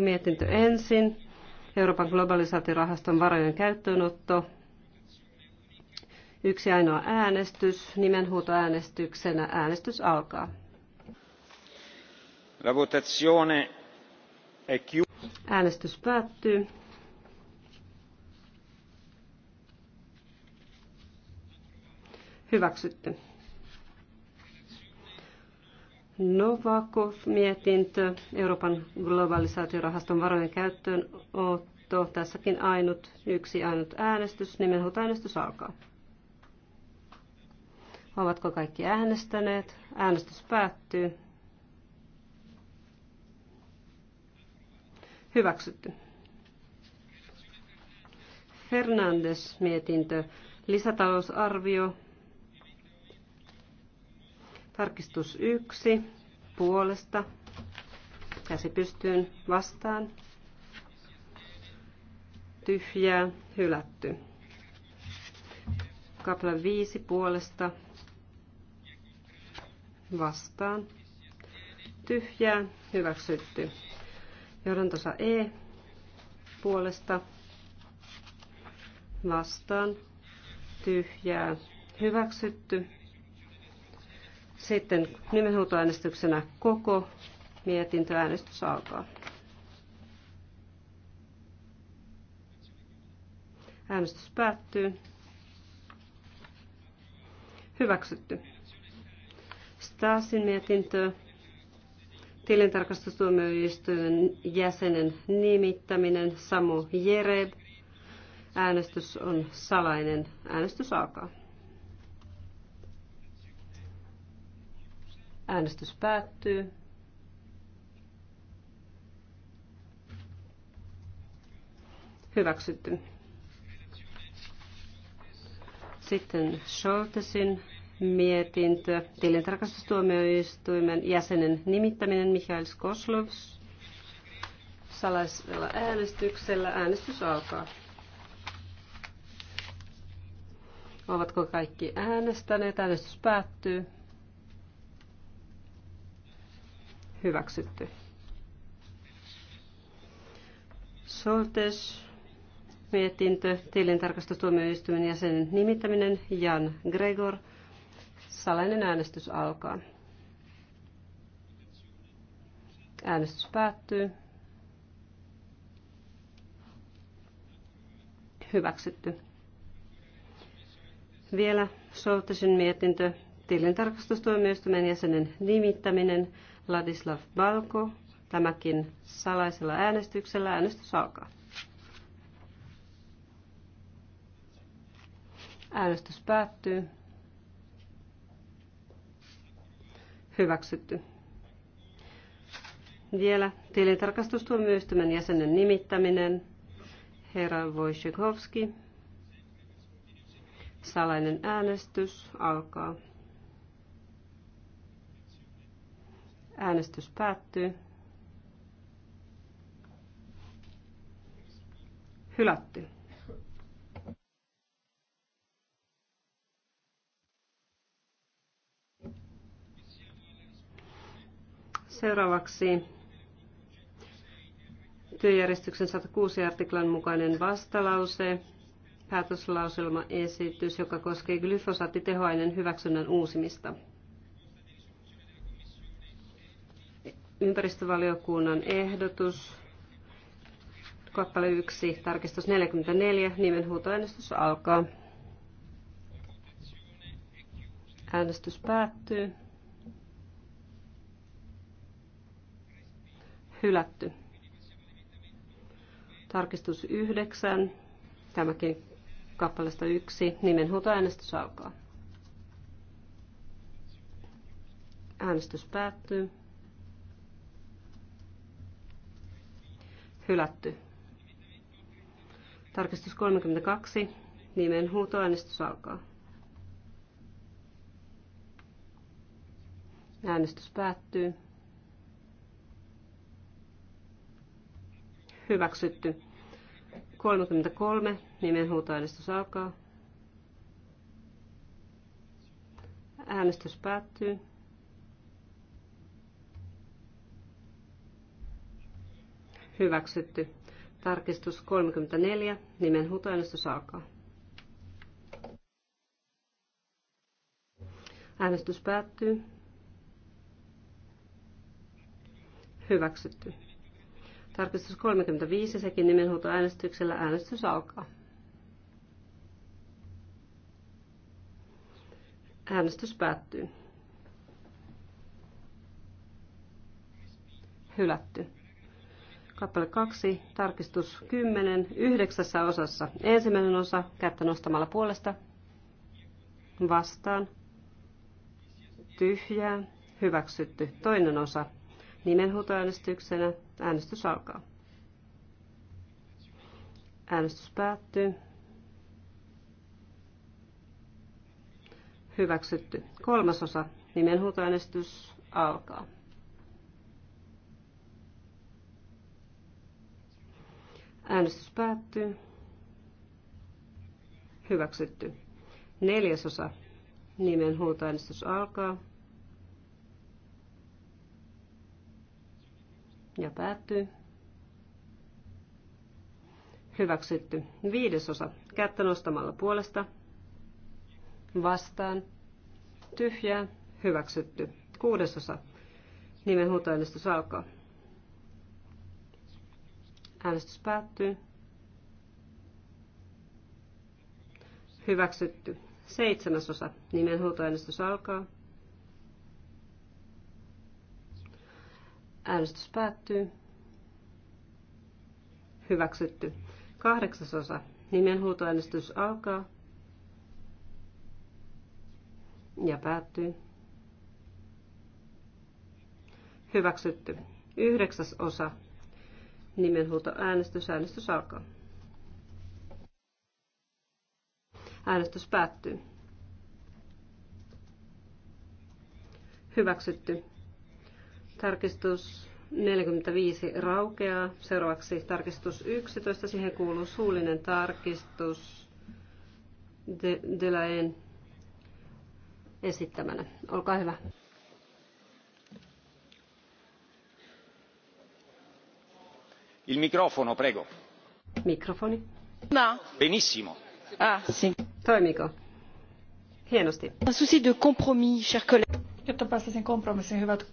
mietintö ensin. Euroopan globalisaatirahaston varojen käyttöönotto. Yksi ainoa äänestys. Nimenhuutoäänestyksenä äänestys alkaa. La votazione è chiusa. Äänestys päättyy. Hyväksytty. Novakov-mietintö, Euroopan globalisaatiorahaston varojen käyttöön otto. Tässäkin ainut, yksi ainut äänestys, nimenhuutoäänestys alkaa. Ovatko kaikki äänestäneet? Äänestys päättyy. Hyväksytty. Fernandes-mietintö, lisätalousarvio, Tarkistus yksi puolesta. Käsi pystyyn vastaan. Tyhjää, hylätty. Kapla viisi puolesta. Vastaan. Tyhjää, hyväksytty. Johdantosa E puolesta. Vastaan. Tyhjää, hyväksytty. Sitten nimenhuutoäänestyksenä koko mietintöäänestys alkaa. Äänestys päättyy. Hyväksytty. Stasin mietintö. Tilintarkastustuomioistuimen jäsenen nimittäminen Samu Jereb. Äänestys on salainen. Äänestys alkaa. Äänestys päättyy. Hyväksytty. Sitten Scholtesin mietintö, tilintarkastustuomioistuimen jäsenen nimittäminen Mikhail Skoslovs. Salaisella äänestyksellä äänestys alkaa. Ovatko kaikki äänestäneet? Äänestys päättyy. hyväksytty. Soltes, mietintö, tilintarkastustuomioistuimen jäsenen nimittäminen, Jan Gregor. Salainen äänestys alkaa. Äänestys päättyy. Hyväksytty. Vielä Soltesin mietintö, tilintarkastustuomioistuimen jäsenen nimittäminen, Ladislav Balko. Tämäkin salaisella äänestyksellä äänestys alkaa. Äänestys päättyy. Hyväksytty. Vielä tilintarkastustuomioistuimen jäsenen nimittäminen. Herra Wojciechowski. Salainen äänestys alkaa. Äänestys päättyy. Hylätty. Seuraavaksi työjärjestyksen 106 artiklan mukainen vastalause, päätöslauselmaesitys, joka koskee glyfosaattitehoaineen hyväksynnän uusimista. ympäristövaliokunnan ehdotus, kappale 1, tarkistus 44, nimenhuutoäänestys alkaa. Äänestys päättyy. Hylätty. Tarkistus 9, tämäkin kappaleesta 1, nimenhuutoäänestys alkaa. Äänestys päättyy. hylätty. Tarkistus 32. Nimen huutoäänestys alkaa. Äänestys päättyy. Hyväksytty. 33. Nimen huutoäänestys alkaa. Äänestys päättyy. Hyväksytty. Tarkistus 34. Nimen huutoäänestys alkaa. Äänestys päättyy. Hyväksytty. Tarkistus 35, sekin nimenhuutoäänestyksellä äänestys alkaa. Äänestys päättyy. Hylätty. Kappale 2, tarkistus 10, yhdeksässä osassa. Ensimmäinen osa kättä nostamalla puolesta. Vastaan. Tyhjää. Hyväksytty. Toinen osa. Nimenhuutoäänestyksenä. Äänestys alkaa. Äänestys päättyy. Hyväksytty. Kolmas osa. Nimenhuutoäänestys alkaa. Äänestys päättyy. Hyväksytty. Neljäsosa. Nimen huutoäänestys alkaa. Ja päättyy. Hyväksytty. Viidesosa. Kättä nostamalla puolesta. Vastaan. Tyhjää. Hyväksytty. Kuudesosa. Nimen huutoäänestys alkaa. Äänestys päättyy. Hyväksytty. Seitsemäsosa. Nimenhuutoäänestys alkaa. Äänestys päättyy. Hyväksytty. Kahdeksasosa. Nimenhuutoäänestys alkaa. Ja päättyy. Hyväksytty. Yhdeksäs osa. Nimenhuuto äänestys. Äänestys alkaa. Äänestys päättyy. Hyväksytty. Tarkistus 45 raukeaa. Seuraavaksi tarkistus 11. Siihen kuuluu suullinen tarkistus Delaen de esittämänä. Olkaa hyvä. Il microfono, prego. Mikrofoni. Ah, Jotta päästäisiin kompromissiin, hyvät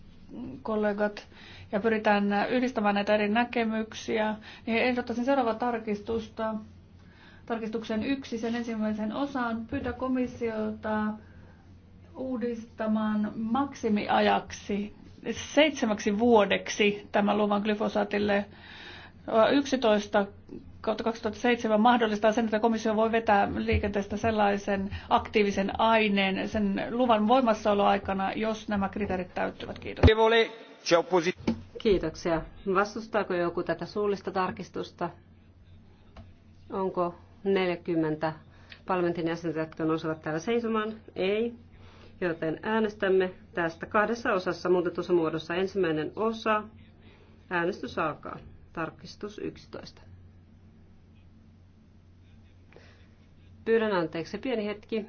kollegat, ja pyritään yhdistämään näitä eri näkemyksiä, niin ehdottaisin seuraavaa tarkistusta. Tarkistuksen yksi, sen ensimmäisen osan, pyydä komissiota uudistamaan maksimiajaksi seitsemäksi vuodeksi tämän luvan glyfosaatille 11 kautta 2007 mahdollistaa sen, että komissio voi vetää liikenteestä sellaisen aktiivisen aineen sen luvan voimassaoloaikana, jos nämä kriteerit täyttyvät. Kiitos. Kiitoksia. Vastustaako joku tätä suullista tarkistusta? Onko 40 parlamentin jäsentä, jotka nousevat täällä seisomaan? Ei. Joten äänestämme tästä kahdessa osassa muutetussa muodossa. Ensimmäinen osa. Äänestys alkaa. Tarkistus 11. Pyydän anteeksi. Pieni hetki.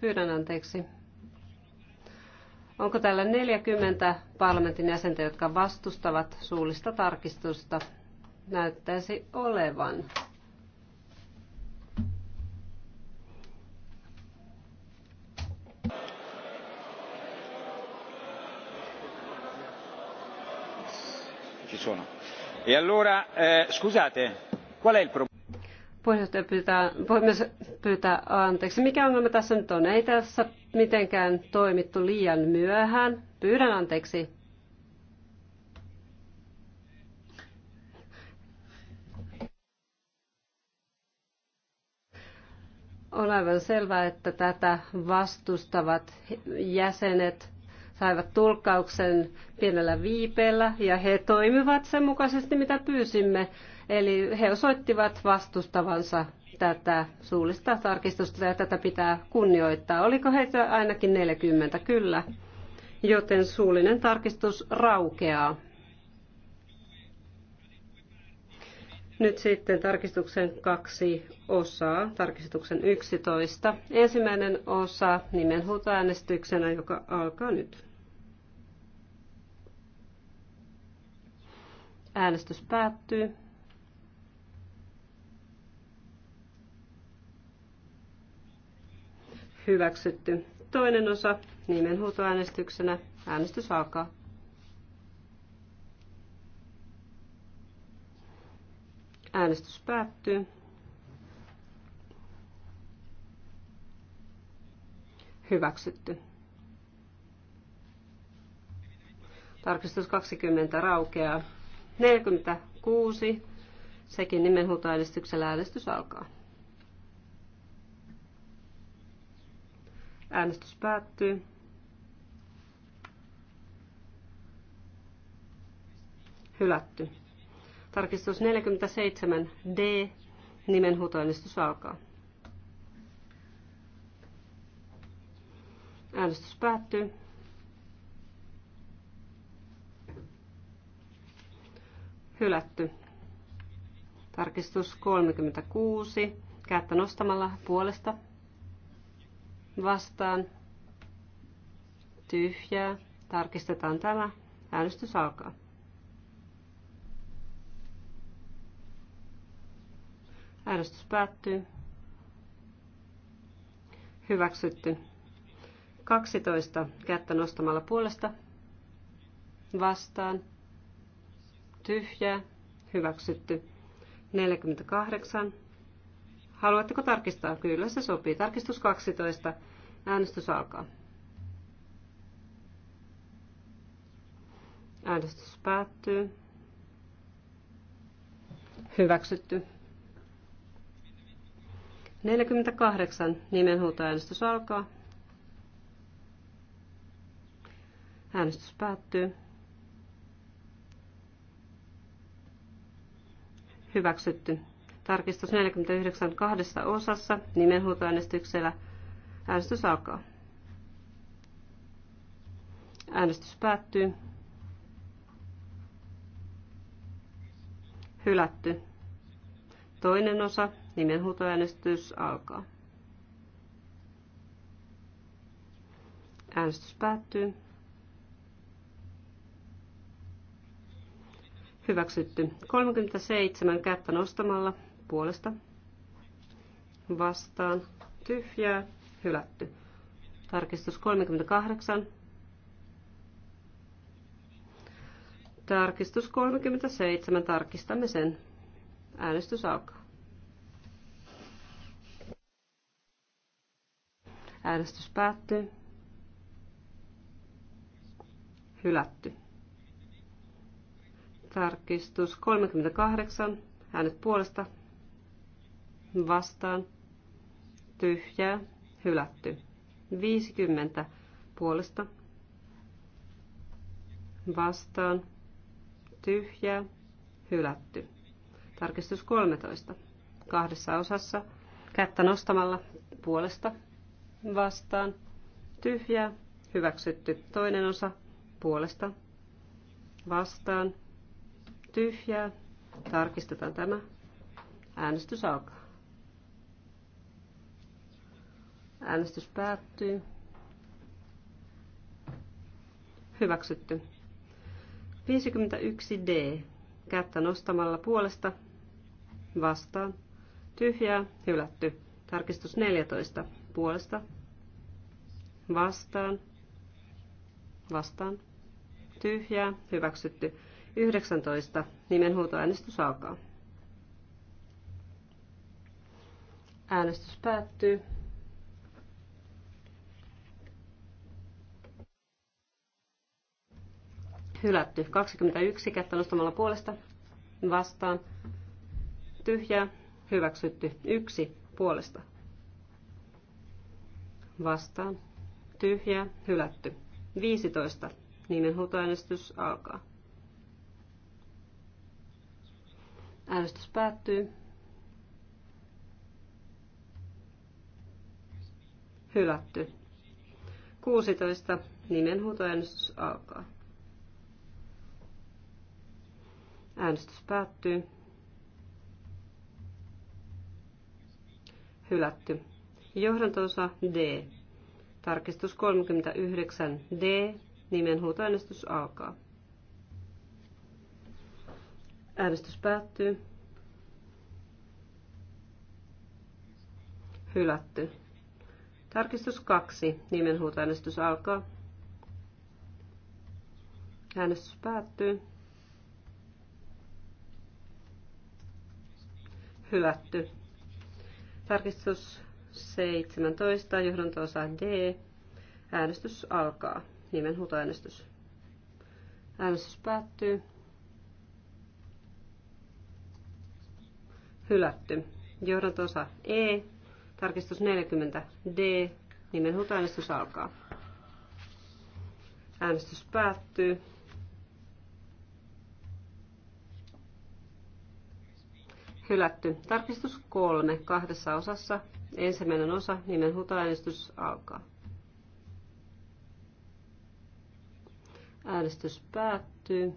Pyydän anteeksi. Onko täällä 40 parlamentin jäsentä, jotka vastustavat suullista tarkistusta? Näyttäisi olevan. ci sono. E allora, eh, scusate, qual è il problema? Puheenjohtaja pyytää, puhemies pyytää anteeksi. Mikä ongelma tässä nyt on? Ei tässä mitenkään toimittu liian myöhään. Pyydän anteeksi. on aivan selvää, että tätä vastustavat jäsenet saivat tulkkauksen pienellä viipeellä ja he toimivat sen mukaisesti, mitä pyysimme. Eli he osoittivat vastustavansa tätä suullista tarkistusta ja tätä pitää kunnioittaa. Oliko heitä ainakin 40? Kyllä. Joten suullinen tarkistus raukeaa. Nyt sitten tarkistuksen kaksi osaa, tarkistuksen 11. Ensimmäinen osa nimenhuutoäänestyksenä, joka alkaa nyt. Äänestys päättyy. Hyväksytty. Toinen osa nimenhuutoäänestyksenä. Äänestys alkaa. Äänestys päättyy. Hyväksytty. Tarkistus 20 raukeaa. 46. Sekin nimenhuutoäänestyksellä äänestys alkaa. Äänestys päättyy. Hylätty. Tarkistus 47 D. Nimenhuutoäänestys alkaa. Äänestys päättyy. Hylätty. Tarkistus 36. Kättä nostamalla puolesta. Vastaan. Tyhjää. Tarkistetaan tämä. Äänestys alkaa. Äänestys päättyy. Hyväksytty. 12. Kättä nostamalla puolesta. Vastaan tyhjää, hyväksytty. 48. Haluatteko tarkistaa? Kyllä se sopii. Tarkistus 12. Äänestys alkaa. Äänestys päättyy. Hyväksytty. 48. Nimenhuutoäänestys alkaa. Äänestys päättyy. hyväksytty. Tarkistus 49 kahdessa osassa nimenhuutoäänestyksellä. Äänestys alkaa. Äänestys päättyy. Hylätty. Toinen osa, nimenhuutoäänestys alkaa. Äänestys päättyy. Hyväksytty. 37 kättä nostamalla puolesta vastaan tyhjää hylätty. Tarkistus 38. Tarkistus 37. Tarkistamme sen. Äänestys alkaa. Äänestys päättyy. Hylätty. Tarkistus 38. Äänet puolesta. Vastaan. Tyhjää. Hylätty. 50 puolesta. Vastaan. Tyhjää. Hylätty. Tarkistus 13. Kahdessa osassa. Kättä nostamalla puolesta. Vastaan. Tyhjää. Hyväksytty. Toinen osa puolesta. Vastaan tyhjää. Tarkistetaan tämä. Äänestys alkaa. Äänestys päättyy. Hyväksytty. 51D. Kättä nostamalla puolesta. Vastaan. Tyhjää. Hylätty. Tarkistus 14. Puolesta. Vastaan. Vastaan tyhjää, hyväksytty. 19. Nimenhuutoäänestys alkaa. Äänestys päättyy. Hylätty. 21 kättä nostamalla puolesta vastaan. Tyhjää. Hyväksytty. Yksi puolesta. Vastaan. Tyhjää. Hylätty. 15 Nimenhuutoäänestys alkaa. Äänestys päättyy. Hylätty. 16. huutoäänestys alkaa. Äänestys päättyy. Hylätty. Johdantosa D. Tarkistus 39 D Nimenhuutoäänestys alkaa. Äänestys päättyy. Hylätty. Tarkistus 2. Nimenhuutoäänestys alkaa. Äänestys päättyy. Hylätty. Tarkistus 17. Johdonto-osa D. Äänestys alkaa. Nimenhuutoäänestys. Äänestys päättyy. Hylätty. Johdantosa E. Tarkistus 40 D. Nimenhuutoäänestys alkaa. Äänestys päättyy. Hylätty. Tarkistus kolme kahdessa osassa. Ensimmäinen osa, nimen alkaa. Äänestys päättyy.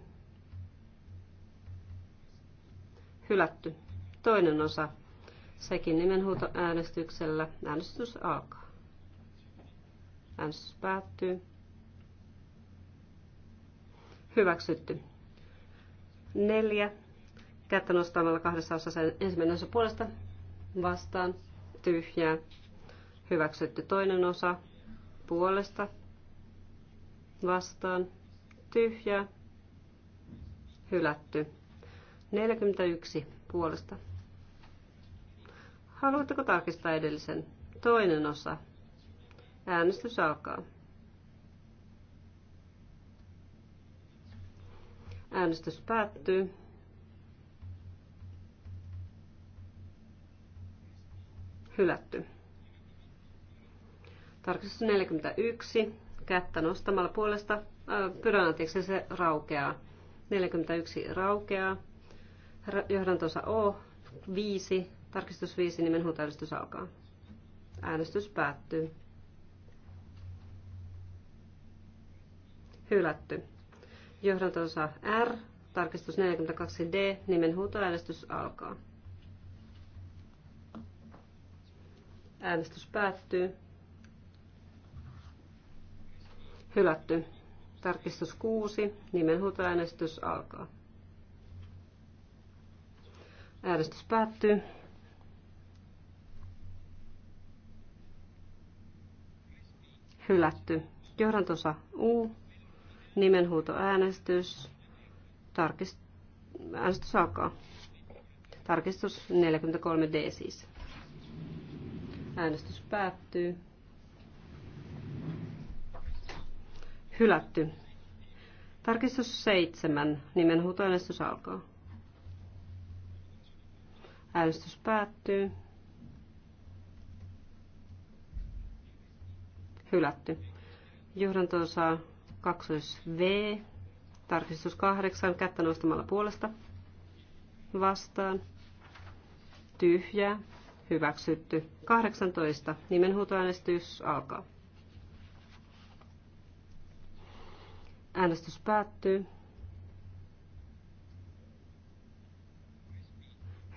Hylätty. Toinen osa. Sekin nimenhuuto äänestyksellä. Äänestys alkaa. Äänestys päättyy. Hyväksytty. Neljä. Kättä nostamalla kahdessa osassa ensimmäinen osa puolesta vastaan. Tyhjää. Hyväksytty toinen osa puolesta vastaan tyhjä, hylätty. 41 puolesta. Haluatteko tarkistaa edellisen? Toinen osa. Äänestys alkaa. Äänestys päättyy. Hylätty. Tarkistus 41. Kättä nostamalla puolesta pyydän anteeksi, se raukeaa. 41 raukeaa. Johdantosa O, 5, tarkistus 5, niin huutoäänestys alkaa. Äänestys päättyy. Hylätty. Johdantosa R, tarkistus 42D, nimen niin huutoäänestys alkaa. Äänestys päättyy. Hylätty. Tarkistus 6. Nimenhuutoäänestys alkaa. Äänestys päättyy. Hylätty. Johdantosa U. Nimenhuutoäänestys. Tarkist... Äänestys alkaa. Tarkistus 43D siis. Äänestys päättyy. Hylätty. Tarkistus seitsemän. Nimenhuutoäänestys alkaa. Äänestys päättyy. Hylätty. johdanto saa 2V. Tarkistus 8. Kättä nostamalla puolesta. Vastaan. Tyhjää. Hyväksytty. 18. Nimenhuutoäänestys alkaa. Äänestys päättyy.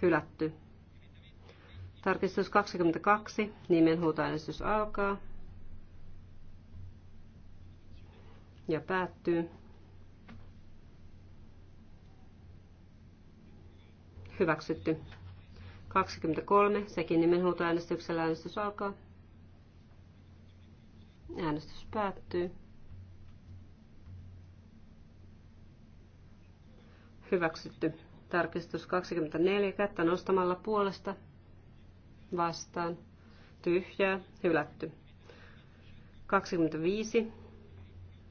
Hylätty. Tarkistus 22. Nimenhuutoäänestys alkaa. Ja päättyy. Hyväksytty. 23. Sekin nimenhuutoäänestyksellä äänestys alkaa. Äänestys päättyy. Hyväksytty. Tarkistus 24. Kättä nostamalla puolesta. Vastaan. Tyhjää. Hylätty. 25.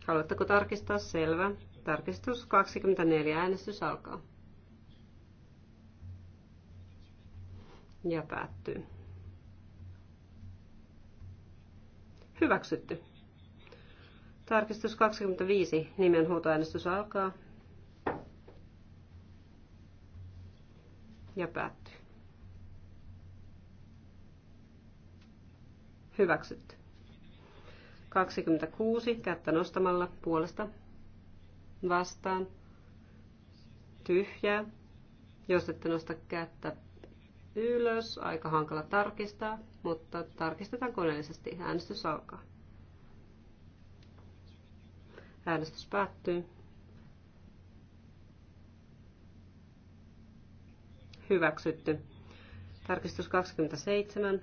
Haluatteko tarkistaa? Selvä. Tarkistus 24. Äänestys alkaa. Ja päättyy. Hyväksytty. Tarkistus 25. Nimenhuutoäänestys alkaa ja päättyy. Hyväksytty. 26 kättä nostamalla puolesta vastaan. Tyhjää. Jos ette nosta kättä ylös, aika hankala tarkistaa, mutta tarkistetaan koneellisesti. Äänestys alkaa. Äänestys päättyy. hyväksytty. Tarkistus 27.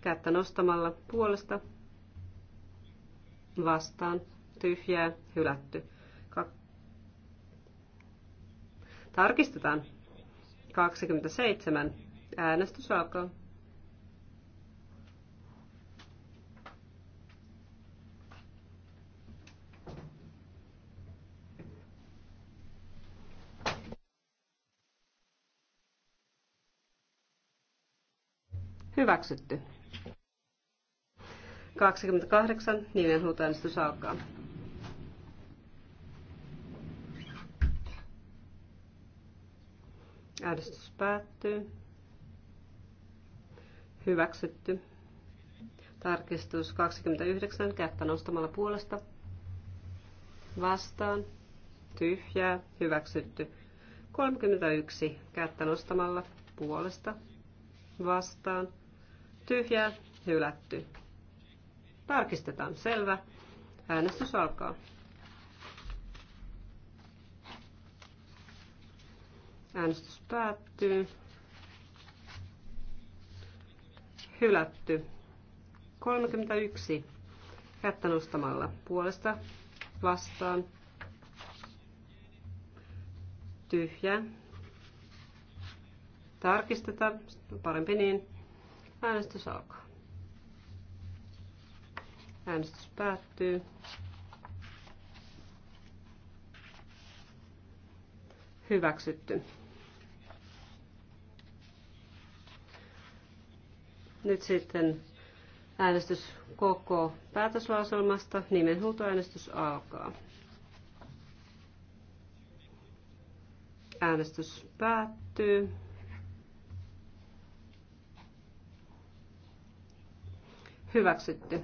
Kättä nostamalla puolesta vastaan tyhjää hylätty. Ka- Tarkistetaan. 27. Äänestys alkaa. Hyväksytty. 28. Nimen huutoäänestys alkaa. Äänestys päättyy. Hyväksytty. Tarkistus 29. Kättä nostamalla puolesta. Vastaan. Tyhjää. Hyväksytty. 31. Kättä nostamalla puolesta. Vastaan tyhjää, hylätty. Tarkistetaan, selvä. Äänestys alkaa. Äänestys päättyy. Hylätty. 31. Kättä nostamalla puolesta vastaan. Tyhjä. Tarkistetaan. Parempi niin. Äänestys alkaa. Äänestys päättyy. Hyväksytty. Nyt sitten äänestys koko päätöslauselmasta. Nimenhuutoäänestys alkaa. Äänestys päättyy. Hyväksytty.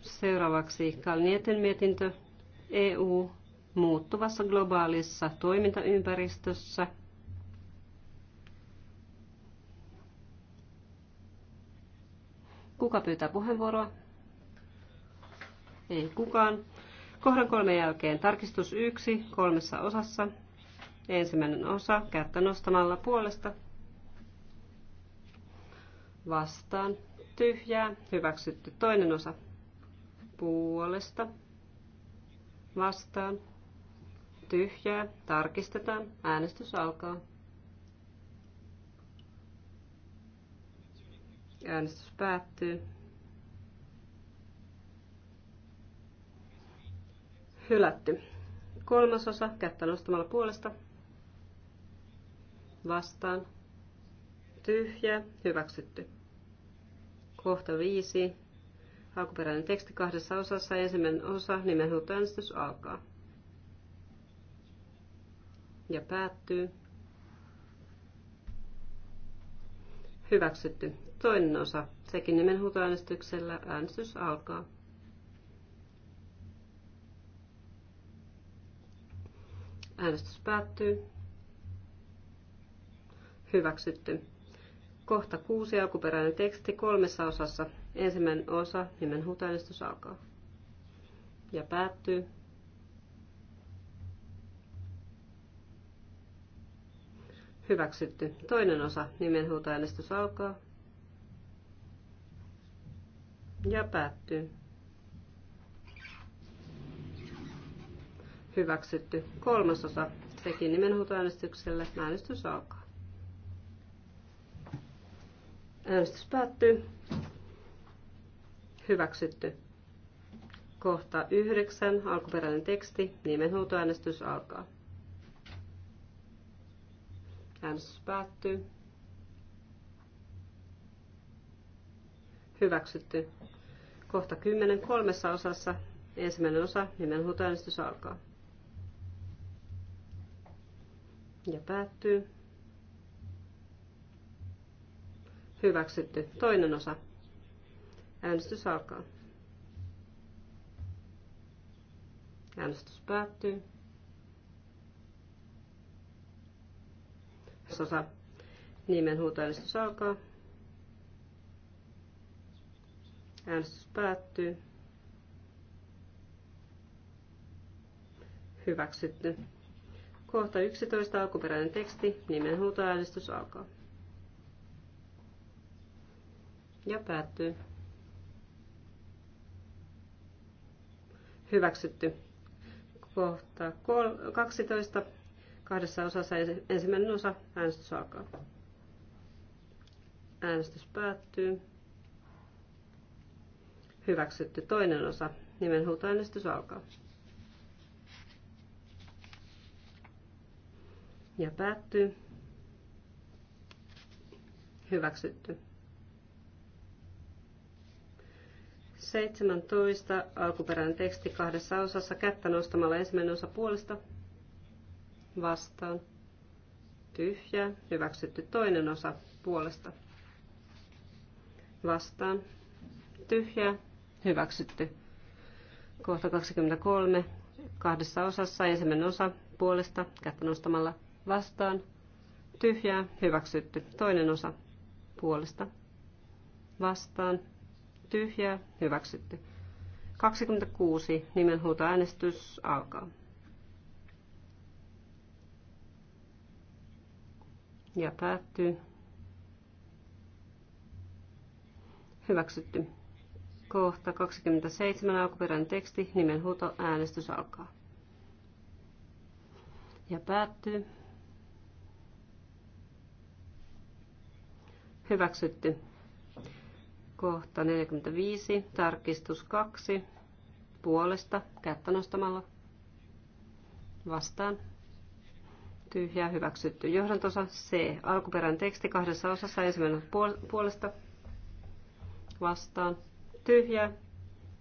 Seuraavaksi Kalnieten mietintö EU muuttuvassa globaalissa toimintaympäristössä. Kuka pyytää puheenvuoroa? Ei kukaan. Kohdan kolme jälkeen tarkistus yksi kolmessa osassa. Ensimmäinen osa kättä nostamalla puolesta vastaan tyhjää, hyväksytty. Toinen osa puolesta vastaan tyhjää, tarkistetaan, äänestys alkaa. Äänestys päättyy. Hylätty. osa kättä nostamalla puolesta. Vastaan. Tyhjä. Hyväksytty kohta 5. Alkuperäinen teksti kahdessa osassa. Ensimmäinen osa, nimenhuutoäänestys alkaa. Ja päättyy. Hyväksytty. Toinen osa. Sekin nimenhuutoäänestyksellä äänestys alkaa. Äänestys päättyy. Hyväksytty. Kohta kuusi alkuperäinen teksti kolmessa osassa. Ensimmäinen osa, nimen huutoäänestys alkaa. Ja päättyy. Hyväksytty. Toinen osa, nimen huutoäänestys alkaa. Ja päättyy. Hyväksytty. Kolmas osa, sekin nimen huutoäänestyksellä. Äänestys alkaa. Äänestys päättyy. Hyväksytty. Kohta 9. Alkuperäinen teksti. Nimenhuutoäänestys alkaa. Äänestys päättyy. Hyväksytty. Kohta 10. Kolmessa osassa. Ensimmäinen osa. Nimenhuutoäänestys alkaa. Ja päättyy. Hyväksytty. Toinen osa. Äänestys alkaa. Äänestys päättyy. Sosa. Nimen huutoäänestys alkaa. Äänestys päättyy. Hyväksytty. Kohta 11 alkuperäinen teksti. Nimen huutoäänestys alkaa. ja päättyy. Hyväksytty. Kohta 12. Kahdessa osassa ensimmäinen osa äänestys alkaa. Äänestys päättyy. Hyväksytty toinen osa. Nimenhuutoäänestys alkaa. Ja päättyy. Hyväksytty. 17, alkuperäinen teksti kahdessa osassa, kättä nostamalla ensimmäinen osa puolesta, vastaan, tyhjä, hyväksytty toinen osa puolesta, vastaan, tyhjä, hyväksytty. Kohta 23, kahdessa osassa, ensimmäinen osa puolesta, kättä nostamalla vastaan, tyhjä hyväksytty. Toinen osa puolesta, vastaan, tyhjää, hyväksytty. 26, nimenhuutoäänestys alkaa. Ja päättyy. Hyväksytty. Kohta 27 alkuperäinen teksti, nimenhuuto, äänestys alkaa. Ja päättyy. Hyväksytty. Kohta 45, tarkistus 2, puolesta, kättä nostamalla, vastaan, tyhjää, hyväksytty. Johdantosa C, alkuperäinen teksti kahdessa osassa, ensimmäinen puolesta, vastaan, tyhjää,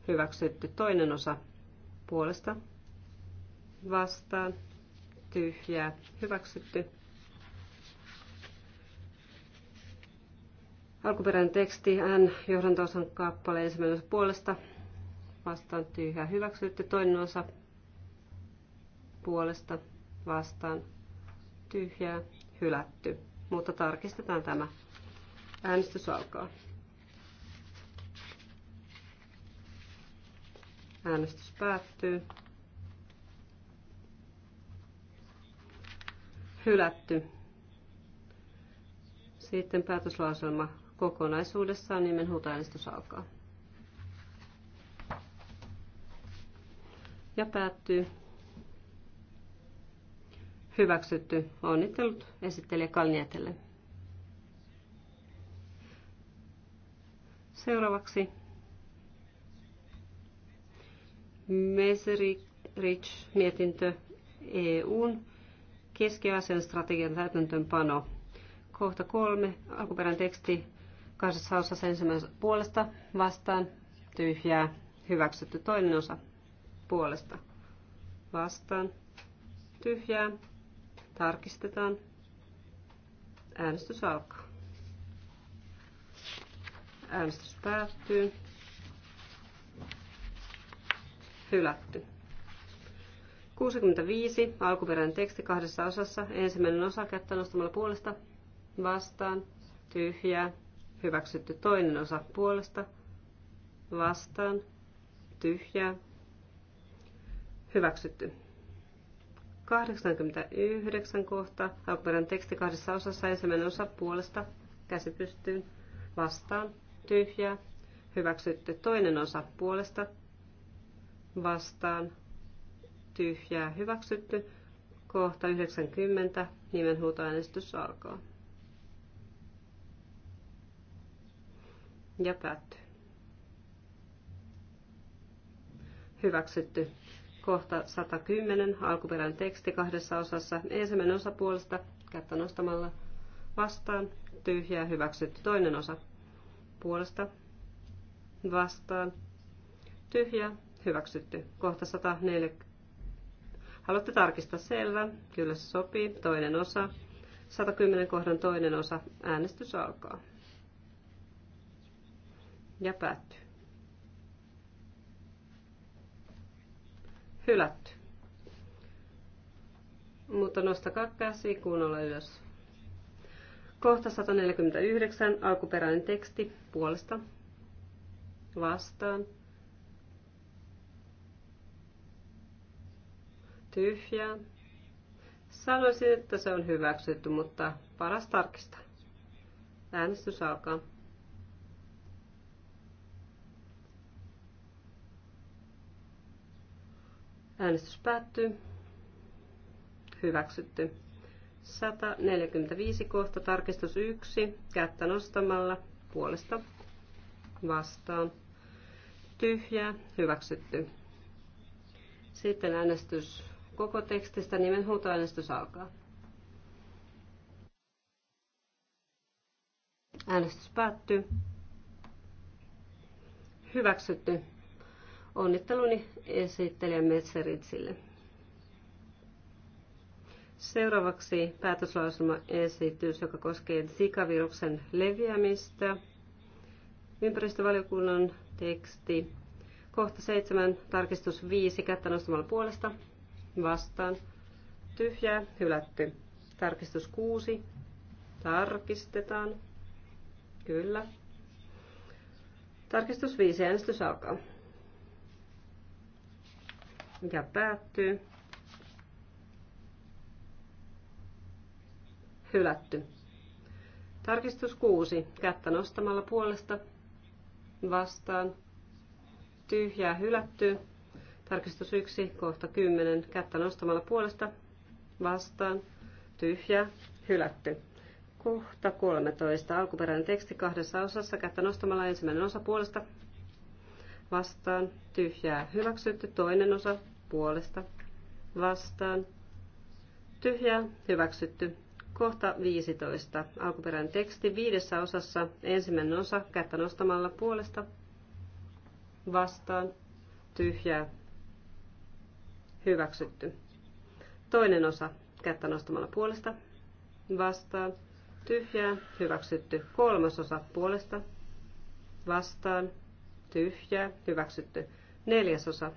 hyväksytty. Toinen osa, puolesta, vastaan, tyhjää, hyväksytty. Alkuperäinen teksti N johdantosan kappale ensimmäinen puolesta vastaan tyhjä, hyväksytty. Toinen osa puolesta vastaan tyhjää hylätty. Mutta tarkistetaan tämä. Äänestys alkaa. Äänestys päättyy. Hylätty. Sitten päätöslauselma kokonaisuudessaan nimenhuutoäänestys niin alkaa. Ja päättyy. Hyväksytty. Onnittelut esittelijä Kalnietelle. Seuraavaksi Meserich mietintö EUn keski-Aasian strategian täytäntöönpano. Kohta kolme, alkuperäinen teksti Kansallishausassa ensimmäisen puolesta vastaan tyhjää hyväksytty toinen osa puolesta vastaan tyhjää tarkistetaan. Äänestys alkaa. Äänestys päättyy. Hylätty. 65. Alkuperäinen teksti kahdessa osassa. Ensimmäinen osa kättä nostamalla puolesta. Vastaan. Tyhjää hyväksytty toinen osa puolesta, vastaan, tyhjää, hyväksytty. 89 kohta, alkuperäinen teksti kahdessa osassa, ensimmäinen osa puolesta, käsi pystyyn, vastaan, tyhjää, hyväksytty. Toinen osa puolesta, vastaan, tyhjää, hyväksytty. Kohta 90, nimenhuutoäänestys alkaa. ja päättyy. Hyväksytty. Kohta 110, alkuperäinen teksti kahdessa osassa. Ensimmäinen osa puolesta, kättä nostamalla vastaan, tyhjää, hyväksytty. Toinen osa puolesta, vastaan, tyhjää, hyväksytty. Kohta 140. Haluatte tarkistaa selvä, kyllä se sopii. Toinen osa, 110 kohdan toinen osa, äänestys alkaa ja päättyy. Hylätty. Mutta nostakaa käsi kunnolla ylös. Kohta 149, alkuperäinen teksti, puolesta, vastaan, tyhjää. Sanoisin, että se on hyväksytty, mutta paras tarkistaa. Äänestys alkaa. Äänestys päättyy. Hyväksytty. 145 kohta tarkistus 1. Kättä nostamalla puolesta vastaan. Tyhjää. Hyväksytty. Sitten äänestys koko tekstistä. Nimenhuutoäänestys alkaa. Äänestys päättyy. Hyväksytty. Onnitteluni esittelijä Metsäritsille. Seuraavaksi päätöslauselmaesitys, joka koskee sikaviruksen leviämistä. Ympäristövaliokunnan teksti. Kohta 7, tarkistus 5, kättä nostamalla puolesta. Vastaan. Tyhjää, hylätty. Tarkistus 6. Tarkistetaan. Kyllä. Tarkistus 5, äänestys alkaa mikä päättyy. Hylätty. Tarkistus 6. Kättä nostamalla puolesta vastaan. Tyhjää hylätty. Tarkistus 1. Kohta 10. Kättä nostamalla puolesta vastaan. Tyhjää hylätty. Kohta 13. Alkuperäinen teksti kahdessa osassa. Kättä nostamalla ensimmäinen osa puolesta vastaan. Tyhjää hyväksytty. Toinen osa puolesta vastaan. Tyhjää hyväksytty. Kohta 15. Alkuperäinen teksti viidessä osassa. Ensimmäinen osa kättä nostamalla puolesta vastaan. Tyhjää hyväksytty. Toinen osa kättä nostamalla puolesta vastaan. Tyhjää hyväksytty. Kolmas osa puolesta vastaan. Tyhjää hyväksytty. Neljäs osa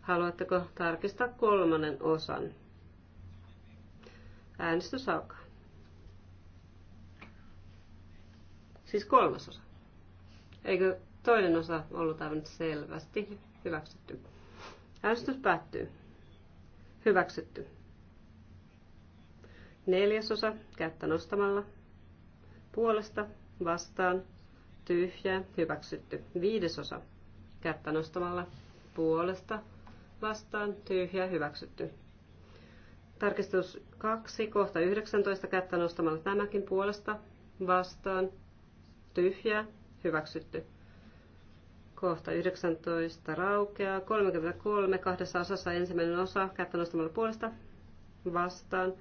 Haluatteko tarkistaa kolmannen osan? Äänestys alkaa. Siis kolmas osa. Eikö toinen osa ollut aivan selvästi hyväksytty? Äänestys päättyy. Hyväksytty. Neljäsosa kättä nostamalla. Puolesta, vastaan, tyhjää, hyväksytty. Viidesosa kättä nostamalla. Puolesta, vastaan tyhjä hyväksytty. Tarkistus 2, kohta 19, kättä nostamalla tämäkin puolesta vastaan tyhjä hyväksytty. Kohta 19 raukeaa. 33 kahdessa osassa ensimmäinen osa kättä nostamalla puolesta vastaan.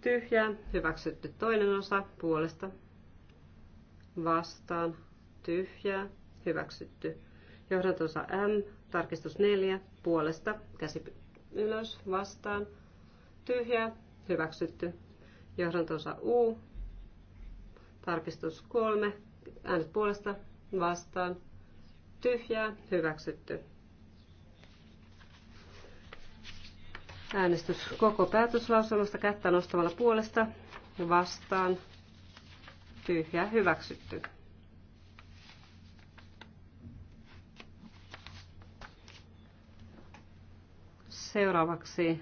tyhjä Hyväksytty toinen osa puolesta vastaan. tyhjä Hyväksytty. Johdantosa M Tarkistus neljä puolesta. Käsi ylös vastaan. tyhjä, Hyväksytty. Johdantosa U. Tarkistus kolme Äänet puolesta vastaan. Tyhjää. Hyväksytty. Äänestys koko päätöslauselmasta kättä nostamalla puolesta vastaan. Tyhjää hyväksytty. Seuraavaksi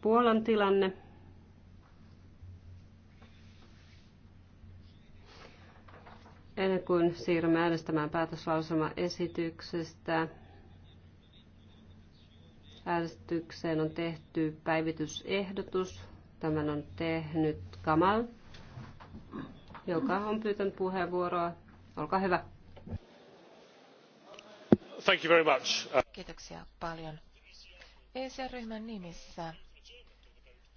Puolan tilanne. Ennen kuin siirrymme äänestämään päätöslauselmaesityksestä, äänestykseen on tehty päivitysehdotus. Tämän on tehnyt Kamal, joka on pyytänyt puheenvuoroa. Olkaa hyvä. Thank you very much. Kiitoksia paljon ECR-ryhmän nimissä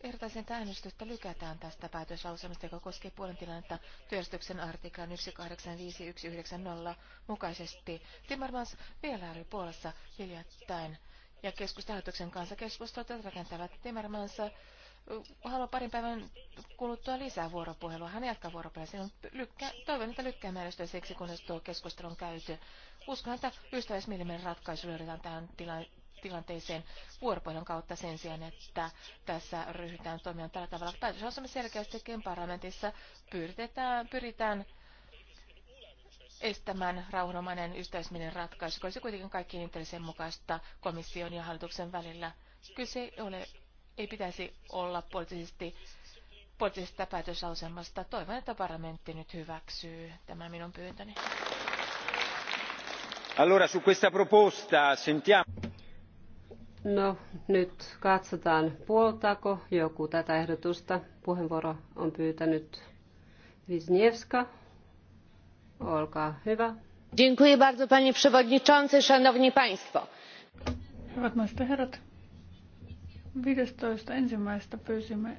Ehdotaisin, äänestystä lykätään tästä päätöslauselmasta, joka koskee puolen tilannetta työstyksen artiklan 185190 mukaisesti. Timmermans vieraili Puolassa hiljattain ja keskustelutuksen kanssa keskustelut rakentavat Timmermans haluaa parin päivän kuluttua lisää vuoropuhelua. Hän jatkaa vuoropuhelua. Sinun lykkä, toivon, että lykkäämme äänestyä siksi, kunnes tuo keskustelu on käyty. Uskon, että ystäväismielinen ratkaisu löydetään tähän tilanteeseen tilanteeseen vuoropuhelun kautta sen sijaan, että tässä ryhdytään toimimaan tällä tavalla. Päätösosaamme selkeästikin parlamentissa pyritetään, pyritään estämään rauhanomainen yhteisminen ratkaisu, koska se kuitenkin kaikkien intressien mukaista komission ja hallituksen välillä. Kyse ei, ole, ei pitäisi olla poliittisesti poliittisesta päätöslauselmasta. Toivon, että parlamentti nyt hyväksyy tämän minun pyyntöni. Allora, su questa proposta sentiamo... No, nyt katsotaan, puoltaako joku tätä ehdotusta. Puheenvuoro on pyytänyt Wisniewska. Olkaa hyvä. Dziękuję bardzo, panie przewodniczący, szanowni państwo. Hyvät naiset herrat, 15. ensimmäistä pyysimme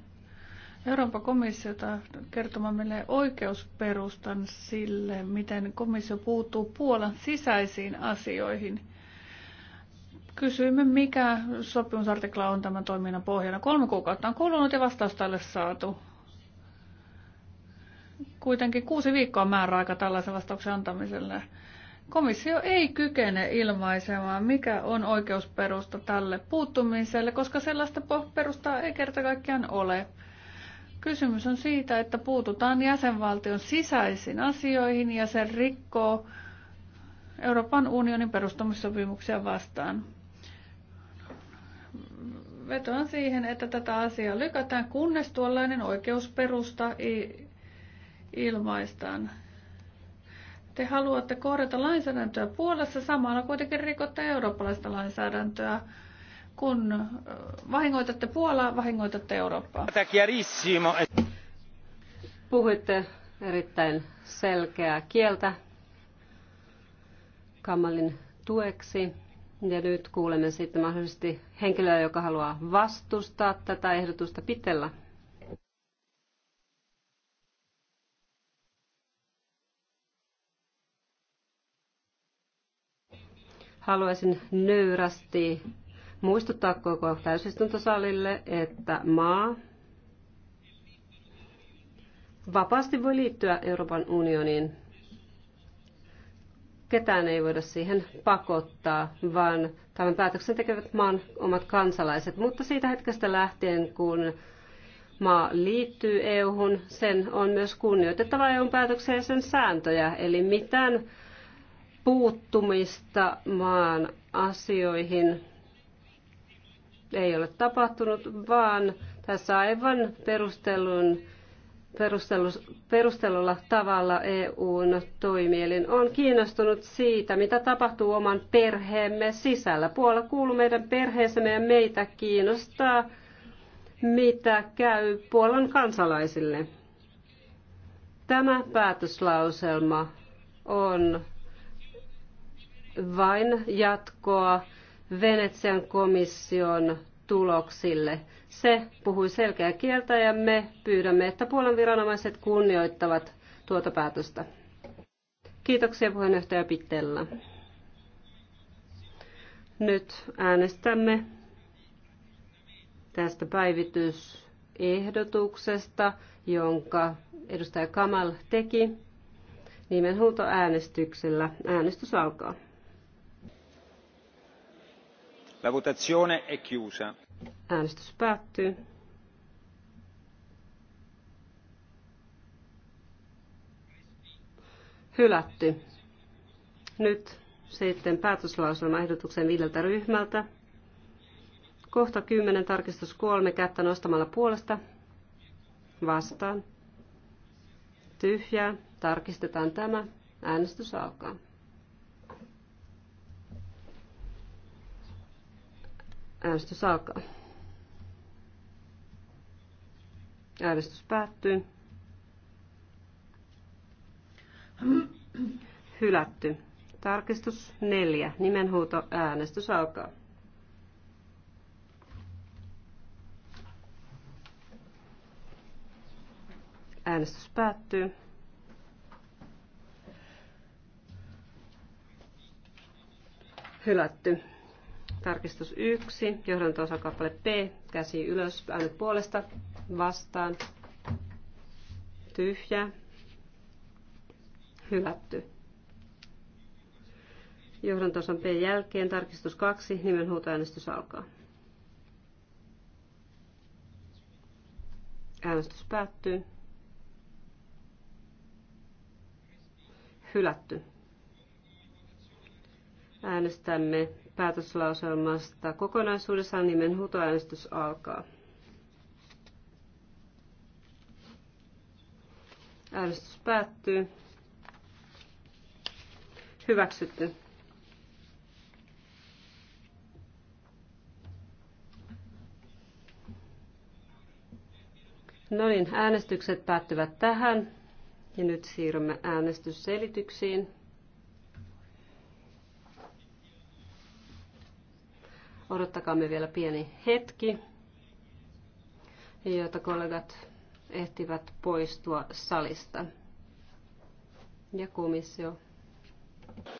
Euroopan komissiota kertomaan meille oikeusperustan sille, miten komissio puuttuu Puolan sisäisiin asioihin – Kysyimme, mikä sopimusartikla on tämän toiminnan pohjana. Kolme kuukautta on kulunut ja vastausta ei ole saatu. Kuitenkin kuusi viikkoa määräaika tällaisen vastauksen antamiselle. Komissio ei kykene ilmaisemaan, mikä on oikeusperusta tälle puuttumiselle, koska sellaista perustaa ei kerta kaikkiaan ole. Kysymys on siitä, että puututaan jäsenvaltion sisäisiin asioihin ja se rikkoo Euroopan unionin perustamissopimuksia vastaan vetoan siihen, että tätä asiaa lykätään, kunnes tuollainen oikeusperusta ilmaistaan. Te haluatte korjata lainsäädäntöä puolessa, samalla kuitenkin rikotte eurooppalaista lainsäädäntöä. Kun vahingoitatte Puolaa, vahingoitatte Eurooppaa. Puhuitte erittäin selkeää kieltä Kamalin tueksi. Ja nyt kuulemme sitten mahdollisesti henkilöä, joka haluaa vastustaa tätä ehdotusta pitellä. Haluaisin nöyrästi muistuttaa koko täysistuntosalille, että maa vapaasti voi liittyä Euroopan unioniin ketään ei voida siihen pakottaa, vaan tämän päätöksen tekevät maan omat kansalaiset. Mutta siitä hetkestä lähtien, kun maa liittyy EU-hun, sen on myös kunnioitettava EUn päätöksiä ja sen sääntöjä. Eli mitään puuttumista maan asioihin ei ole tapahtunut, vaan tässä aivan perustelun perustelulla tavalla EUn toimielin on kiinnostunut siitä, mitä tapahtuu oman perheemme sisällä. Puola kuuluu meidän perheeseemme ja meitä kiinnostaa, mitä käy Puolan kansalaisille. Tämä päätöslauselma on vain jatkoa Venetsian komission tuloksille. Se puhui selkeää kieltä ja me pyydämme, että Puolan viranomaiset kunnioittavat tuota päätöstä. Kiitoksia puheenjohtaja Pittellä. Nyt äänestämme tästä päivitysehdotuksesta, jonka edustaja Kamal teki äänestyksellä Äänestys alkaa. La votazione è chiusa. Äänestys päättyy. Hylätty. Nyt sitten päätöslauselmaehdotuksen viideltä ryhmältä. Kohta 10, tarkistus 3, kättä nostamalla puolesta. Vastaan. Tyhjää. Tarkistetaan tämä. Äänestys alkaa. Äänestys alkaa. Äänestys päättyy. Hylätty. Tarkistus 4. Nimenhuuto. Äänestys alkaa. Äänestys päättyy. Hylätty. Tarkistus 1, johdanto-osakappale P, käsi ylös, äänet puolesta, vastaan, tyhjä, hylätty. Johdantosan P jälkeen tarkistus 2, nimenhuutoäänestys alkaa. Äänestys päättyy. Hylätty. Äänestämme päätöslauselmasta kokonaisuudessaan nimen niin huutoäänestys alkaa. Äänestys päättyy. Hyväksytty. No niin, äänestykset päättyvät tähän ja nyt siirrymme äänestysselityksiin. me vielä pieni hetki, jota kollegat ehtivät poistua salista. Ja komissio